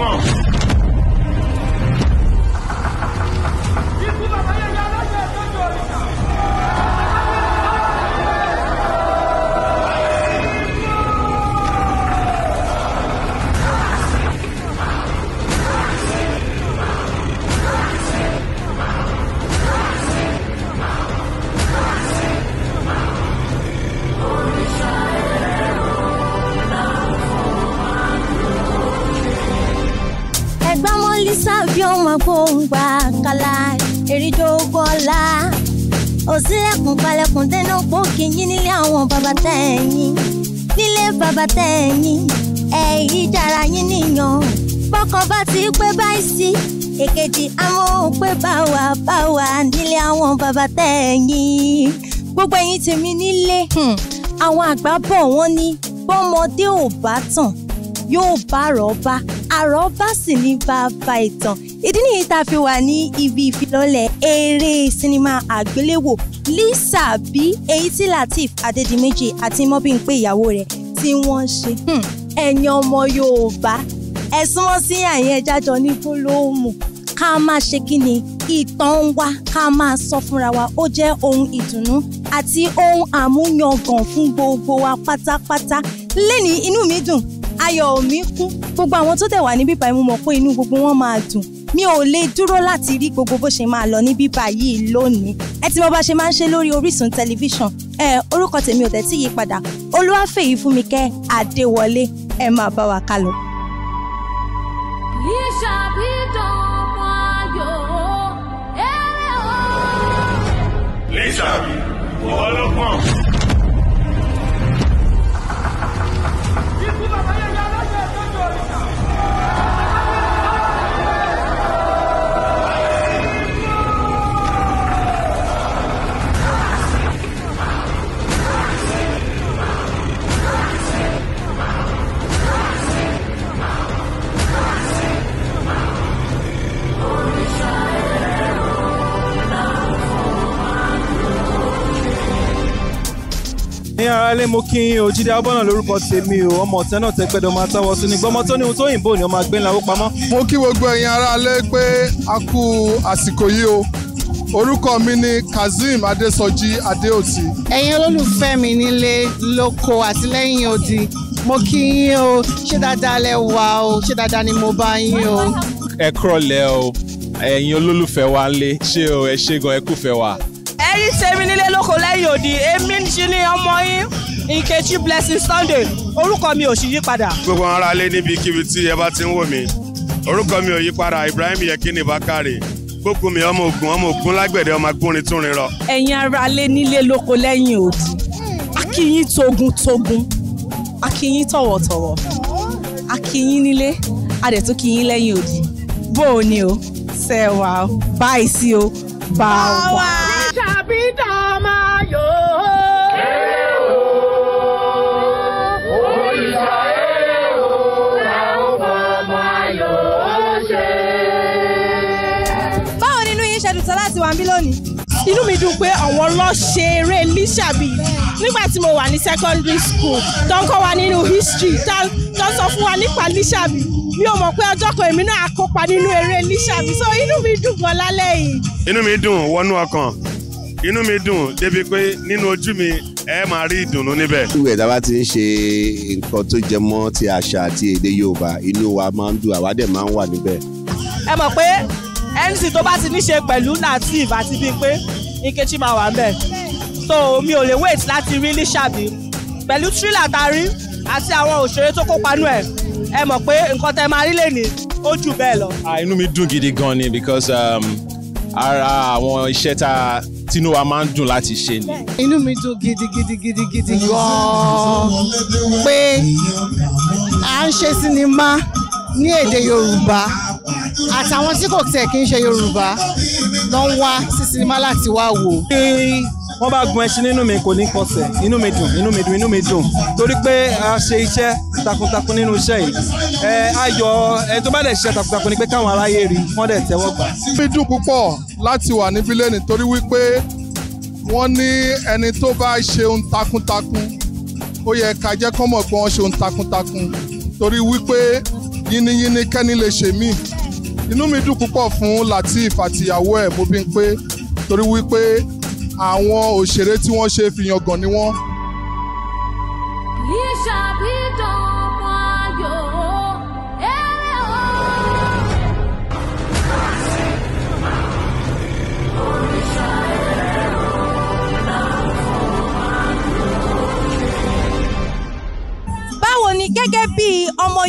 irmão. gbòǹgbà kàlà èrìjò gọ́lá òsílẹ̀kùn kalẹ̀kùn dẹ́nà gbòǹkì yín nílé àwọn bàbá tẹ̀yìn nílé bàbá tẹ̀yìn ẹ̀yìn dára yín nìyàn bọ́kọ bá ti pé báyìí sí èkejì àwọn ò pé báwa báwa nílé àwọn bàbá tẹ̀yìn gbogbo ẹ̀yin tèmi nílé hmm, àwọn àgbà bọ̀ wọ́n ní bọ́mọdé ò bá tàn yóò bá àrọ́bá àrọ́bá sì ní bàbá ìtàn ìdí nìyí tá a fi wà ní ibi ìfilọ́lẹ̀ eré sinimá àgbéléwò Lisa B èyí Latif Lateef Adédìméjì àti Mobimpe ìyàwó rẹ̀ tí wọ́n ṣe hmm, ẹ̀yin ọmọ Yorùbá ẹ̀sùn wọn sí àyẹn ẹ̀jájọ ní gbólóhùn ká máa ṣe kí ni ìtàn wa ká máa sọ fúnra wa ó jẹ́ ohun ìdùnnú àti ohun àmúyangàn fún gbogbo wa pátápátá lẹ́ni inú mi dùn ayọ̀ mi kún gbogbo àwọn tó tẹ̀ wá níbí báyìí pé inú gbogbo wọn máa dùn mi ò lè dúró láti rí gbogbo bó ṣe máa lọ ní bíbá yìí lónìí ẹ ti mọ bá ṣe máa ń ṣe lórí Orísun tẹlifíṣàn ẹ orúkọ tèmi ò tẹ̀ yí padà Olúwafẹ́yì Fúnmikẹ́ Adéwọlé ẹ máa bá wa kálọ. Lisa, ọlọ́pàá. aráalé mo kí yín o Jídé Abọ́nà lórúkọ tèmi o ọmọ ọ̀tẹ́ náà tẹ́gbẹ́dọ̀ máa táwọ́ sí ni gbọ́mọ tó ní ohun tó yìnbó ni ọmọ àgbẹ̀ ńláwó pamọ́. mo kí gbogbo ẹ̀yin aráalé pé a kú àsìkò yìí o orúkọ mi ni Kazeem Adésọjí Adéòtí. ẹ̀yin olólùfẹ́ mi nílé lóko àti odi mo kí yín o ṣé dáadáa lẹ wà o ṣé dáadáa ni mo bá yín o. ẹ kúrọ̀lẹ́ o ẹ̀yin olólùfẹ́ wa lé ṣé o ẹ ṣé gan ẹ kúfẹ́ wa yín ṣe mí nílé lóko lẹ́yìn òdì èmi ṣì ni ọmọ yín Nkechi Blessing Sunday orúkọ mi ò sì yí padà. gbogbo àwọn aráalé níbikíbi tí ẹ bá ti ń wò mí orúkọ mi ò yí padà Ibrahim Yekini Bakare gbógun mi ọmọ ogun ọmọ ogun lágbẹ̀dẹ ọmọ agbórin tún rin rọ. ẹ̀yin aráalé nílé lóko lẹ́yìn òdì a togun-togun a tọ̀wọ̀tọ̀wọ̀ a nílé a dẹ̀ lẹ́yìn òdì bó o o ṣe wà báyìí sí o bá Peter Mayo. báwo nínú yín ṣe dùn tán láti wà ń bí lónìí. inú mi dùn pé àwọn lọ ṣe eré lísàbí nígbà tí mo wà ní secondary school tó ń kọ́ wa nínú history tó ń sọ fún wa nípa lísàbí mi ò mọ̀ pé ọjọ́ kan èmi náà kópa nínú eré lísàbí so inú mi dùn gan lálẹ́ yìí. inú mi dùn wọnú ọkàn inú mi dùn débi pé nínú ojú mi ẹ máa rí ìdùnnú níbẹ̀. ìwé ìdáwà ti ń ṣe nǹkan tó jẹ mọ́ ti àṣà àti èdè Yorùbá inú wa máa ń dùn àwa dẹ̀ máa ń wà níbẹ̀. ẹ mọ̀ pé nc tó bá ti ní ṣe pẹ̀lú native àti bíi pé Nkechi máa wà mẹ́ so mi ò lè wait láti rí ní ṣàbí pẹ̀lú thriller tá a rí àti àwọn òṣèré tó kópa nú ẹ̀ ẹ mọ̀ pé nǹkan tẹ máa rí lè ní ó jù bẹ́ẹ̀ lọ. Ah, inú mi dùn gidi gan ni because um, ara àwọn iṣẹ́ tá a tínú wa máa ń dùn láti ṣe ni. inú mi dùn gidigidi gidigidi gan-an pé à ń ṣe sinimá ní èdè Yorùbá àtàwọn tí kò tẹ̀ kí ń ṣe Yorùbá ló ń wá sí sinimá láti wá wò wọ́n bá gun ẹṣin nínú mi kò ní kọsẹ̀ inú mi dùn inú mi dùn inú mi dùn torí pé a ṣe iṣẹ́ takuntakun nínú iṣẹ́ yìí ẹ ayọ̀ ẹ tó bá dẹ̀ ṣiṣẹ́ takuntakun ni pé káwọn aráyé rí wọ́n dẹ̀ tẹ́wọ́ gbà. mi dùn púpọ̀ láti wà níbí lẹ́nu torí wípé wọ́n ní ẹni tó bá ṣe ohun takuntakun ó yẹ ká jẹ́ kọ́ mọ̀ pé wọ́n ṣe ohun takuntakun torí wípé yínníyínní kẹ́ni lè ṣe mí inú mi dùn púpọ̀ fún Lateef àtìyàwó ẹ̀ Mobimpe torí wípé àwọn òṣèré tí wọ́n ṣe fìyàngàn ni wọ́n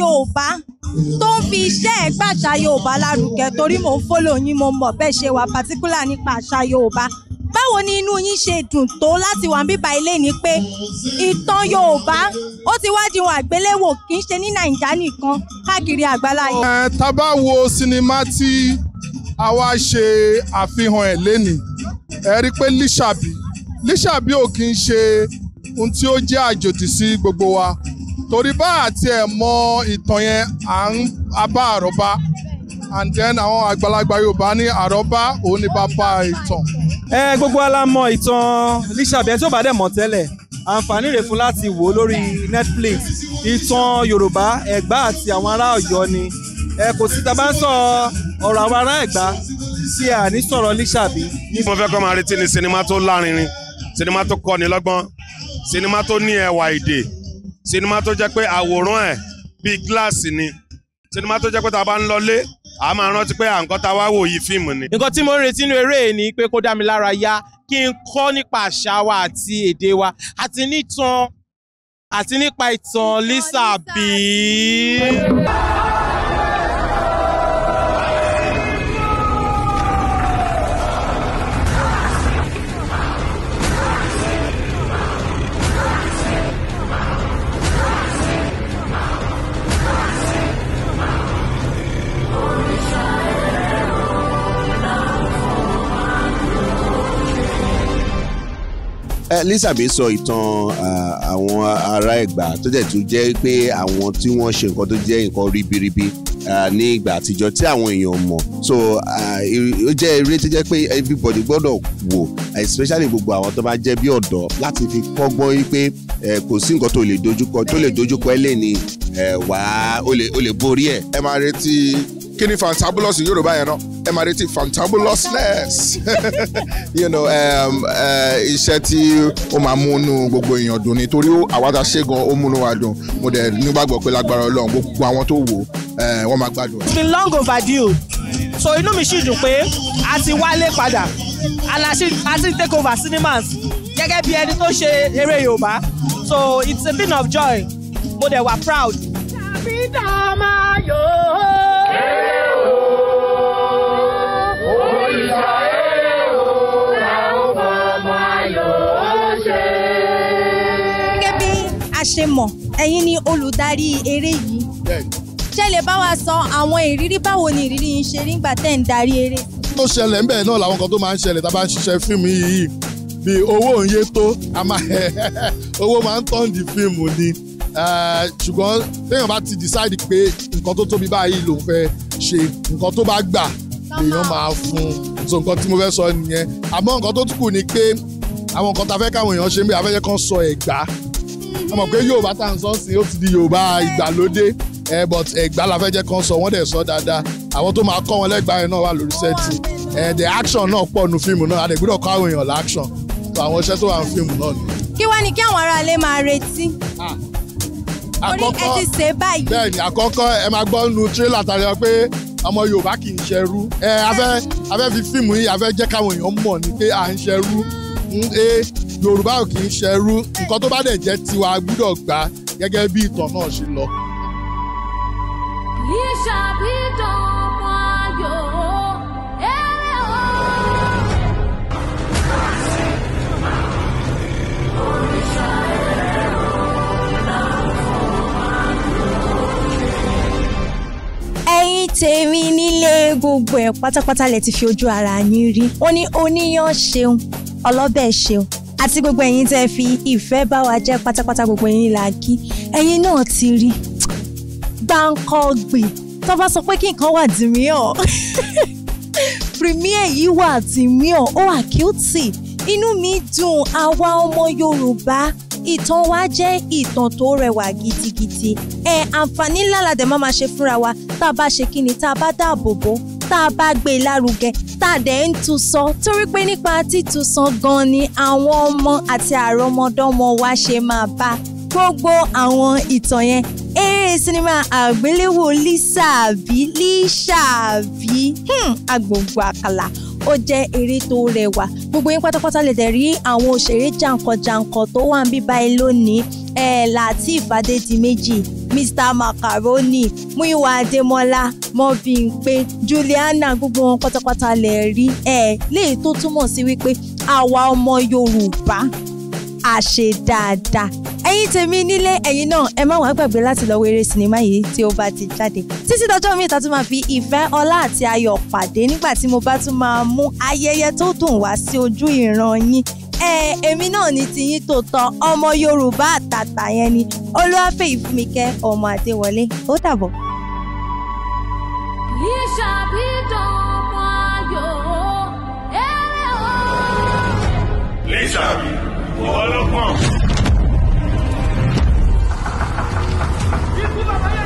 Yorùbá tó ń fi iṣẹ́ ẹ̀ gbàṣà Yorùbá lárugẹ torí mò ń fọ́lọ̀ yín mo mọ̀ bẹ́ẹ̀ ṣe wà pàtíkúlà nípa àṣà Yorùbá báwo ni inú yín ṣe dùn tó láti wà bíbá ilé ni pé ìtàn Yorùbá ó ti wá di ohun àgbéléwò kì í ṣe ní Nàìjíríà nìkan káàkiri àgbáláyé. ẹ tá a bá wo sinimá tí a wá ṣe àfihàn ẹ lénìí ẹ rí i pé Lísàbí Lísàbí ò kì í ṣe ohun tí ó jẹ́ àjòjì sí gbogbo wa torí bá àti ẹ̀ mọ ìtàn yẹn à ń abá àrọ́bá and then àwọn àgbàlagbà Yorùbá ní àrọ́bá òun ni bàbá ìtàn. ẹ gbogbo ala mọ ìtàn Lísàbẹ̀ tí ó bá dẹ̀ mọ̀ tẹ́lẹ̀ àǹfààní rẹ̀ fún láti wò ó lórí Netflix ìtàn Yorùbá Ẹ̀gbá àti àwọn ará Ọ̀yọ́ ni ẹ kò sí tá bá ń sọ ọ̀rọ̀ àwọn ará Ẹ̀gbá tí a ní sọ̀rọ̀ Lísàbí. mo fẹ́ kọ́ máa retí ni sinimá tó lárinrin sinimá tó kọ́ni lọ́gbọ́n sinimá tó ní ẹwà èdè sinimá tó jẹ́ pé àwòrán ẹ̀ bíi gíláàsì ni sinimá tó jẹ́ pé tá a bá ń lọlé a máa rántí pé à ń kọ́ ta wá wò yìí fíìmù ni. nǹkan tí mo ń retí nínú eré yìí ni pé kó dá mi lára yá kí n kọ́ nípa àṣà wa àti èdè wa àti nítan àti nípa ìtàn Lisa B. Lísàbí sọ ìtàn àwọn ará Ẹ̀gbá tó dẹ̀ tún jẹ́ pé àwọn tí wọ́n ṣe nǹkan tó jẹ́ nǹkan ribiribi ní ìgbà àtijọ́ tí àwọn èèyàn mọ̀ so ó jẹ́ eré tó jẹ́ pé everybody gbọ́dọ̀ wò especially gbogbo àwọn tó bá jẹ́ bí ọ̀dọ́ láti fi kọ́gbọ́n wípé kò sí nǹkan tó lè dojúkọ tó lè dojúkọ ẹ lè ní wàá ó lè borí ẹ. ẹ máa retí kí ni fantabulous yorùbá yẹn náà ẹ máa retí fantabulousness you know um, uh, iṣẹ́ tí ó máa múnú gbogbo èèyàn dùn nítorí àwa tá gan ó múnú wa dùn mo dẹ̀ nígbàgbọ́ pé lágbára ọlọ́run gbogbo àwọn tó wò ó uh, máa gbádùn. it's been long overdue so inú mi sì dùn pé a ti wálé padà and a ti take over cinemas gẹ́gẹ́ bí ẹni tó ṣe eré yorùbá so it's a thing of joy mo dẹ̀ wà proud. tàbí dàmá yòó ṣe mọ̀ ẹ̀yin ni olùdarí eré yìí. ṣé lè bá wa sọ àwọn ìrírí báwo ni ìrírí yín ṣe rí nígbà tẹ́ ń darí eré. tó ṣẹlẹ̀ ń bẹ̀ náà làwọn kan tó máa ń ṣẹlẹ̀ tá a bá ń ṣiṣẹ́ fíìmù yìí bíi owó òun yé tó owó máa ń tọ́ǹdì fíìmù ni ṣùgbọ́n téèyàn bá ti decide pé nǹkan tó tóbi báyìí lòun fẹ́ ṣe nǹkan tó bá gbà lèèyàn máa fún un so nǹkan tí mo fẹ́ sọ nìyẹn àmọ́ nǹkan tó kù ni pé àwọn nǹkan tá a fẹ́ káwọn èèyàn ṣe ń bẹ afẹ́jẹ́ kan sọ ẹ̀gbá ọmọ pé Yorùbá tá à ń sọ ó ti di Yorùbá ìgbàlódé ẹ but ẹ̀gbá la kan sọ wọ́n dẹ̀ sọ dáadáa àwọn tó máa kọ́ wọn lẹ́gbàá yẹn náà wà lórí sẹ́ẹ̀tì ẹ̀ the action náà pọ̀ nu fíìmù náà àdè gbọ́dọ̀ kọ́ àwọn èèyàn láction àwọn iṣẹ́ tó wà ní fíìmù náà ni. kí wá ni kí àwọn aráalé máa retí. Ah àkọ́kọ́ ẹ ti ṣe báyìí. bẹ́ẹ̀ni àkọ́kọ́ ẹ máa gbọ́ nu tírélà tàbí ọ pé ọmọ yorùbá kì í ṣẹrú ẹ afẹ́ afẹ́ fi fíìmù yìí afẹ́ jẹ́ káwọn èèyàn mọ̀ ní pé à ń ṣẹrú ń e yorùbá kì í ṣẹrú nǹkan tó bá dẹ̀ jẹ́ tiwa gbúdọ̀ gbà gẹ́gẹ́ bí ìtàn náà ṣe lọ. yìí ṣàbí dán tèmi nílé gbogbo ẹ̀ pátápátá lẹ ti fi ojú ara yín rí ó ní oníyàn ṣeun ọlọ́bẹ̀ ṣeun àti gbogbo ẹ̀yin tẹ́ fi ìfẹ́ bá wa jẹ́ pátápátá gbogbo ẹ̀yin là kí ẹ̀yin náà ti rí gbàǹkọ́gbìn tó bá sọ pé kí nǹkan wà dì mí premier yìí wà dì mí ó wà kíútì inú mi dùn àwa ọmọ Yorùbá ìtàn wa jẹ́ ìtàn tó rẹwà gidigidi ẹ àǹfààní ńlá la dẹ̀ máa ma ṣe fúnra wa tá a bá ṣe kí ni tá a bá dáàbò bò tá a bá gbé e lárugẹ tá a dẹ̀ ń tu torí pé nípa títu gan ni àwọn ọmọ àti àrọmọdọ́mọ wa ṣe máa bá gbogbo àwọn ìtàn yẹn eré sinimá àgbéléwò lísàbí lísàbí hmm, agbègbè àkàlà ó jẹ́ eré tó rẹwà gbogbo yín pátápátá lè dẹ̀ rí àwọn òṣèré jàǹkànjàǹkàn tó wà ń bíbá ẹ lónìí ẹ̀ Lateef Adédìméjì Mr Macaroni Múyìwá Adémọ́lá Mọ́bíńpé Juliana gbogbo wọn pátápátá lè rí ẹ̀ léyìí tó túmọ̀ sí wípé àwa ọmọ Yorùbá àṣe dáadáa ẹ̀yin tèmi nílé ẹ̀yin náà ẹ má wàá gbàgbé láti lọ wéré sinimá yìí tí ó bá ti jáde títí dọjọ́ mi ìta tún máa fi ìfẹ́ ọlá àti ayọ̀ pàdé nígbà tí mo bá tún máa mú ayẹyẹ tó dùn wá sí ojú ìran yín ẹ èmi náà ní tiyín tó tọ ọmọ Yorùbá àtàtà yẹn ni Olúwafẹ́yì Fúnmikẹ́ ọmọ Adéwọlé ó dàbọ̀. ìṣàbídàn ọmọ ayò eré o. Lísàbí ọlọ́pàá. ikú bàbá yẹn.